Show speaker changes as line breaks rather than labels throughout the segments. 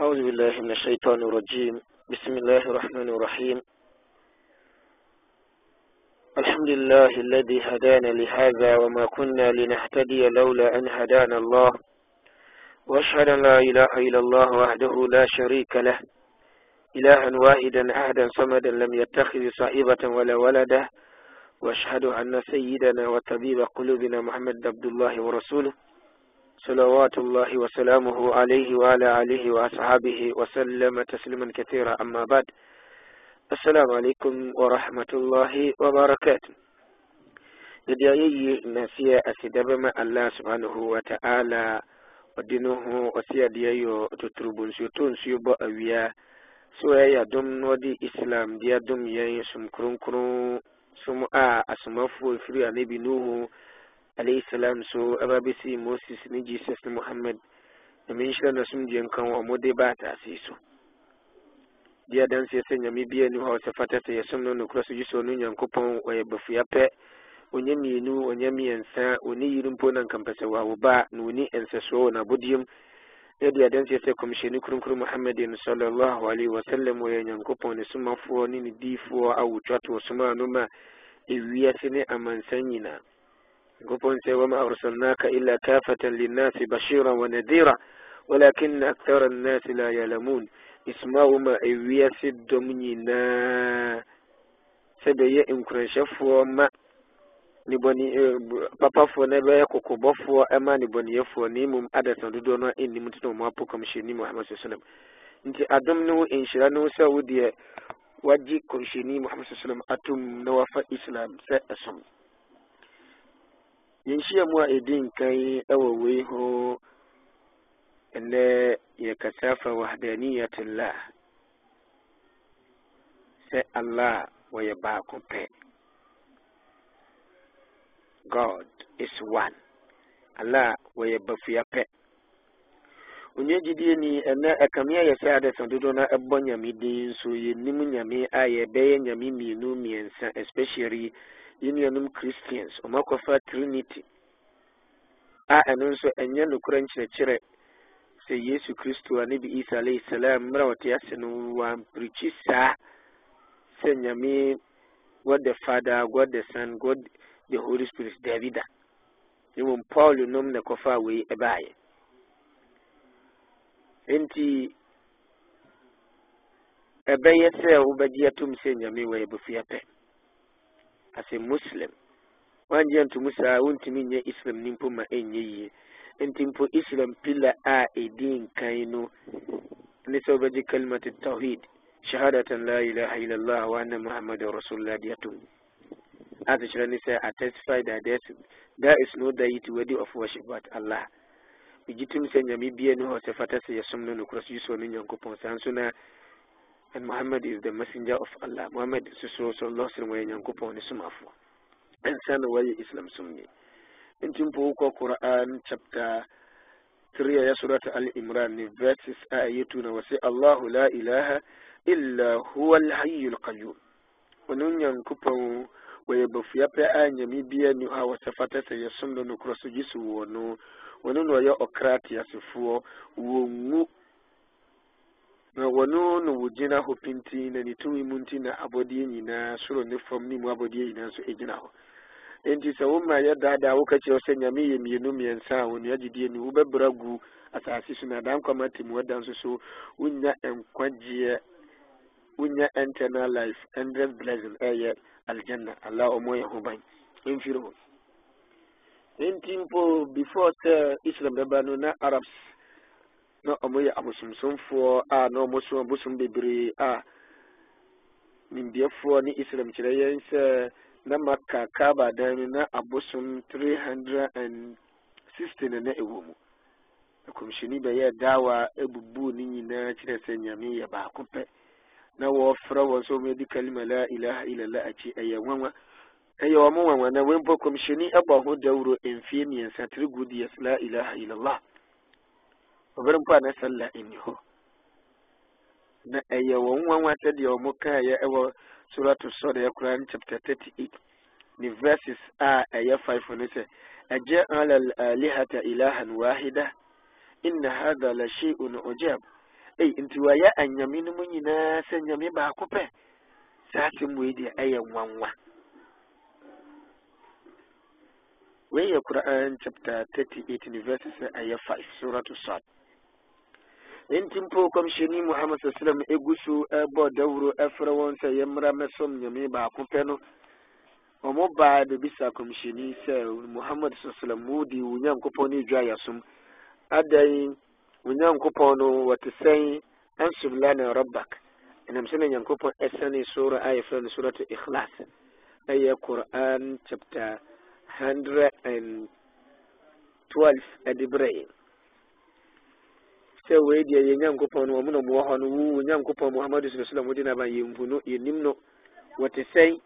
أعوذ بالله من الشيطان الرجيم بسم الله الرحمن الرحيم الحمد لله الذي هدانا لهذا وما كنا لنهتدي لولا أن هدانا الله وأشهد أن لا إله إلا الله وحده لا شريك له إلها واحدا أحدا صمدا لم يتخذ صاحبة ولا ولدا وأشهد أن سيدنا وطبيب قلوبنا محمد عبد الله ورسوله صلوات الله وسلامه عليه وعلى عليه وأصحابه وسلم تسليما كثيرا أما بعد السلام عليكم ورحمة الله وبركاته يدعي نسيا أسدب ما الله سبحانه وتعالى ودينه وسيا ديو تتربون سيطون سيبا أويا سوى يدوم ودي إسلام ديا دوم يين سمكرون كرون سمعا أسمفو فريا نبي نوه alayhi salam so ababisi moses ne jesus ne muhammad sun nhyira kan wa mu dai ba ta yi so dan adanseɛ sɛ nyame biya ni hɔ a sɛ fata sɛ yɛsom no nokorɛ so gye sɛ ɔno nyankopɔn ɔyɛ bafua pɛ ɔnyɛ mmienu ɔnyɛ mmiɛnsa ɔne yiri mpo na nkampɛ sɛ wɔawo ba na ɔni nsɛsoɔ wɔ n'abɔdeɛ mu na de ya nusa kɔmhyɛni kronkron muhammadin sallallahu alaihi wasallam ɔyɛ nyankopɔn ne somafoɔ ne ni diifoɔ a wɔtwa to ɔsoma no ma ewiase ne amansan nyinaa قبونسي وما أرسلناك إلا كافة للناس بشيرا ونذيرا ولكن أكثر الناس لا يعلمون اسمعوا ما إيوياس الدومينا سبيه إنكرن شفوا ما nibɔni papafoɔ na ɛbɛyɛ kɔkɔbɔfoɔ ɛma nibɔniyɛfoɔ na emu adasa dodoɔ no a ɛnnim nti na wɔn apɔ kɔmhyɛni muhammad sosolam nti adom ne ho nhyira ne ho sɛ wo deɛ wagye kɔmhyɛni muhammad sosolam atom na wafa islam sɛ ɛsom yɛnhyia mu a ɛdi nkan wɔ wei ho ɛnɛ yɛkasa fa wahdaniyatullah sɛ allah wɔyɛ baako pɛ god is one allah wɔyɛ bafua pɛ onye gidie ni ɛnɛ ɛkame ayɛ sɛ adɛsɛn dodo na ɛbɔ nyame den nso yɛnim nyami a yɛbɛyɛ nyame mmienu mmiɛnsa especially yɛnuanom christians ɔmakɔfa trinity a ɛno nso ɛnyɛ nokorɛ nkyerɛkyerɛ sɛ yesu kristo a bi isa alayhi salam mmerɛ wɔte ase no wampirikyi saa sɛ nyame god the father god the son god the holy spirit david a paul nom na kofa wei ɛbaeɛ nti ɛbɛyɛ sɛ wobɛgye atom sɛ nyame wɔ yɛbɛfua pɛ asɛ muslim wangye ntomu saa wontumi nyɛ islam ni mpo ma ɛnyɛ e yie nti mpo islam pila a ɛdi e nkan no ne sɛ wobɛgye kalimat tawhid shahadatan la ilaha illallah wa anna muhammadan rasulullah de atom ate kyerɛ ne sɛ attestify that there is no deity worthy of worship but allah megye sɛ nyame ne hɔ sɛ fata sɛ yɛsom no nokorɛ so yusuɔ no nyankopɔn saa nso na and muhammad is the messenger of allah muhammad susuro sallallahu alaihi wasallam nyankopɔn ne somafoɔ ɛnsa na wɔyɛ islam somni nti mpo wokɔ quran chapter 3 ɛyɛ surat al imran ne verses a ɛyɛ tu na wɔse allahu la ilaha illa huwa alhayu alqayum ɔno nyankopɔn wɔyɛ bafua pɛ a nyame bia ni hɔ a wɔsɛ fata sɛ yɛsom no ah, nokorɔ so gye wɔ no ɔno na ɔyɛ ɔkratia sefoɔ wɔnwu na wɔno na wɔgyina hɔ pintin na ne tumi mu nti na abɔdeɛ nyinaa soro ne fam ne mu abɔdeɛ nyinaa nso gyina hɔ nti sɛ wo mma yɛ daadaa woka kyerɛ sɛ nyame yɛ mmienu mmiɛnsa a wɔnua gyedie ni wobɛbra gu asase so na adaa nkwama temu da nso so wonya nkwagyeɛ wonya internal life endless blessing ɛyɛ aljanna allah ɔmo yɛ ho ban mfiri hɔ nti mpo before sɛ islam bɛba no na arabs na ɔmo yɛ abosomsomfoɔ a na ɔmo so abosom bebree a nimdeɛfoɔ ne islam kyerɛ yɛn sɛ na maka kaaba dan no na abosom 360 na na ɛwɔ mu bɛyɛ dawa ne nyinaa kyerɛ sɛ nyame yɛ baako na wɔfrɛ wɔn kalima la ilaha ɛyɛ wɔn nwanwana wɔn mpo kɔmhyɛni ɛbɔ ho dawuro mfie mmiɛnsa tiri gu deɛ sila ilaha illallah ɔbɛrɛ mpo a na sɛla ɛni hɔ na ɛyɛ wɔn nwanwa sɛdeɛ wɔn kaa yɛ ɛwɔ suratu sɔre ɛkura ne chapter thirty eight ne verses a ɛyɛ five no sɛ ɛgye alal alihata ilahan wahida inna hada la shay'un ujab ei nti wɔyɛ anyame no mu nyinaa sɛ nyame baako pɛ saa asɛm wei deɛ ɛyɛ nwanwa where your Quran chapter 38 verses ayah 5 surah Sad enti mpo sheni muhammad sallam egusu ebo ɛbɔ dawuro ɛfrɛ yemra mesom yɛmmra ba nyame baako pɛ no ɔmo baa bebisa kɔmhyɛni sɛ muhammad sallam mudi wo nyankopɔn no edwa yasom adan wo nyankopɔn no wɔte sɛn ansom lana rabbak ɛnam sɛ na nyankopɔn ɛsɛne sora a yɛfrɛ no surat ikhlas ɛyɛ quran chapter 112 ɛde berɛɛ sɛ wei deɛ yɛ nyankopɔn no ɔmo na ɔmo wɔ hɔ no wuu nyankopɔn muhammadu sɔrɔ sɔrɔ ɔmo de n'aba yɛn mpu no yɛnim no wɔte sɛn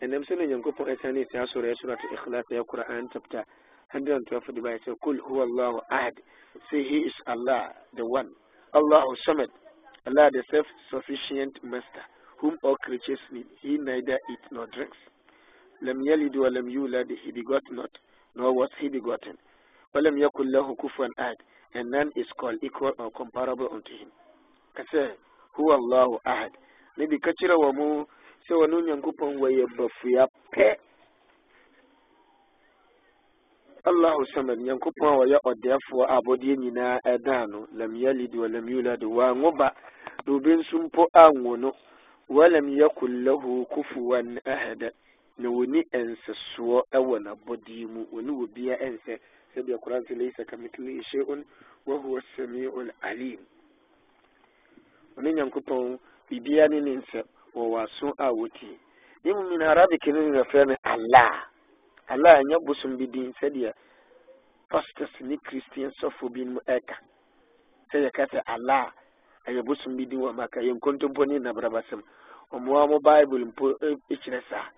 ɛnam sɛ na nyankopɔn ɛsan ne ikhlas ɛyɛ quran chapter 112 de ba yɛ sɛ kul huwa allahu ahad say he is allah the one allah samad allah the self sufficient master whom all creatures need he neither eats nor drinks لم يلد ولم يولد he begot not nor was he begotten ولم يكن له كفوا أحد and none is called equal or comparable unto him kase huwa Allahu ahad ne bi kacira wa mu sai wani yankupan waye bafu ya pe Allahu samad yankupan waye odefu abodi nyina edanu lam yalid wa lam yulad wa ngoba dubin sun po anwono wa lam na wɔni nsesoɔ wɔ n'abɔdeɛ mu wɔne wɔ bia nsɛ sɛdeɛ koran sɛ laisa kamithlihi shay'un wa huwa samiun alim ɔne nyankopɔn biribiara ne ne nsɛ wɔwɔ aso a wɔtie ne mu min arabic no nyɛfrɛ no allah allah ɛnyɛ bosom bi din sɛdeɛ pastors ne christian sɔfo bi mu ɛka sɛ yɛka sɛ allah ɛyɛ bosom bi din wɔ maka yɛ nkontompo ne nabrabasɛm ɔmoa mo bible mpo e, e kyerɛ saa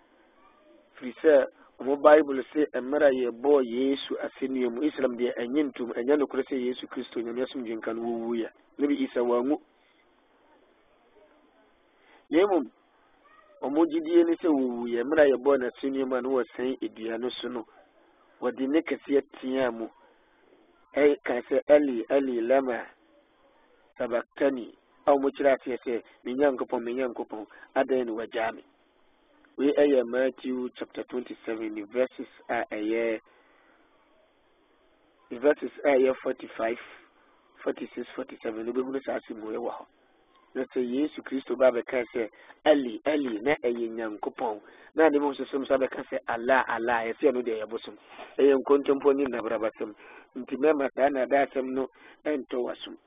ɛfiri sɛ ɔmo bible sɛ mmerɛ a yɛbɔɔ yesu asɛnnua mu islam deɛ ɛnyɛ ntom ɛnyɛ nokorɛ sɛ yesu kristo nyame asomdwenka no wɔwuiɛ ne bi isa wangu yɛn mom ɔmo gyidie ne sɛ wɔwuiɛ mmerɛ a yɛbɔɔ no asɛnnua mu a ne wɔsɛn adua no so no wɔde ne kɛseɛ teaa mu ɛka sɛ ɛli ɛli lama sabaktani a ɔmo kyerɛ aseɛ sɛ me nyankopɔn me nyankopɔn adɛn ne wagyaa me We ɛyɛ matthew chapter twenty seven ne verses a ɛyɛ ne verses a ɛyɛ forty five forty six forty seven wobɛhu no saa asɛm wei wɔ hɔ na sɛ yesu kristo ba bɛka sɛ ali ali na ɛyɛ nyankopɔn na ne bom sosom sa bɛka sɛ ala ala ɛsɛ no deɛ yɛbosom ɛyɛ nkontompo ne nabrabasɛm nti mɛma saa na ada asɛm no ɛntɔ wasom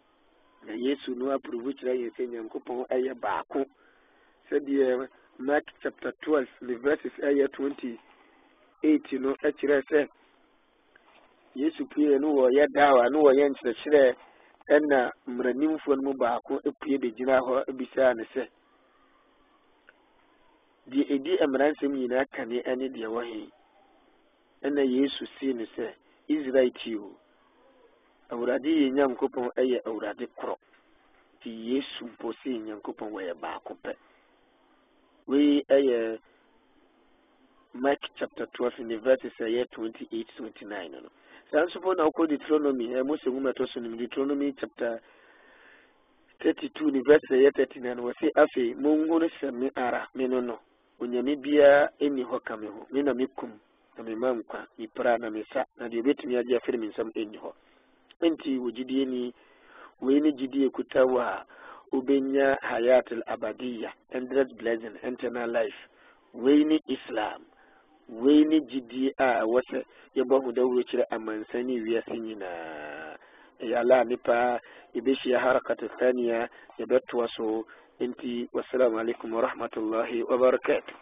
na yesu no aprovu kyerɛ yɛn sɛ nyankopɔn ɛyɛ baako sɛdeɛ mark chapter twelve the verses ɛyɛ twenty eight no ɛkyerɛ sɛ yesu pue no wɔyɛ daawa no wɔyɛ nkyerɛkyerɛ ɛna mmaranimfoɔ no mu baako apue bɛgyina hɔ abisaa ne sɛ deɛ ɛdi mmaransɛm nyinaa kane kani deɛ wɔ he ɛna yesu sii no sɛ israel tio awurade yɛ nyankopɔn ɛyɛ awurade korɔ nti yesu mpo sii nyankopɔn wɔyɛ baako pɛ wei ɛyɛ eh, eh, mark chapter twelve ne verses ɛyɛ eh, twenty eight twenty nine no saa nso po na wokɔ deuteronomy ɛ mose nwoma ɛtɔ so nim deuteronomy chapter thirty two the verse ɛyɛ thirty nine say afi afei monhunu sɛ me ara e mi no no onyame biara eni hɔ ka me ho me na mekum na mema nkwa mepra na mesa na deɛ obɛtumi agye afiri mi nsɛm ɛnni hɔ nti wo gyidie ni wei ne gyidie kuta wɔ ubinya hayatul abadiya endless blessing internal life wei islam wei jidi a ya ɛwɔ sɛ yɛbɔ ho amansani kyerɛ amansa ne wiase nyinaa ɛyɛ ala nipa ya harakato thania yɛbɛtoa so inti wassalamu alaikum wa barakatuh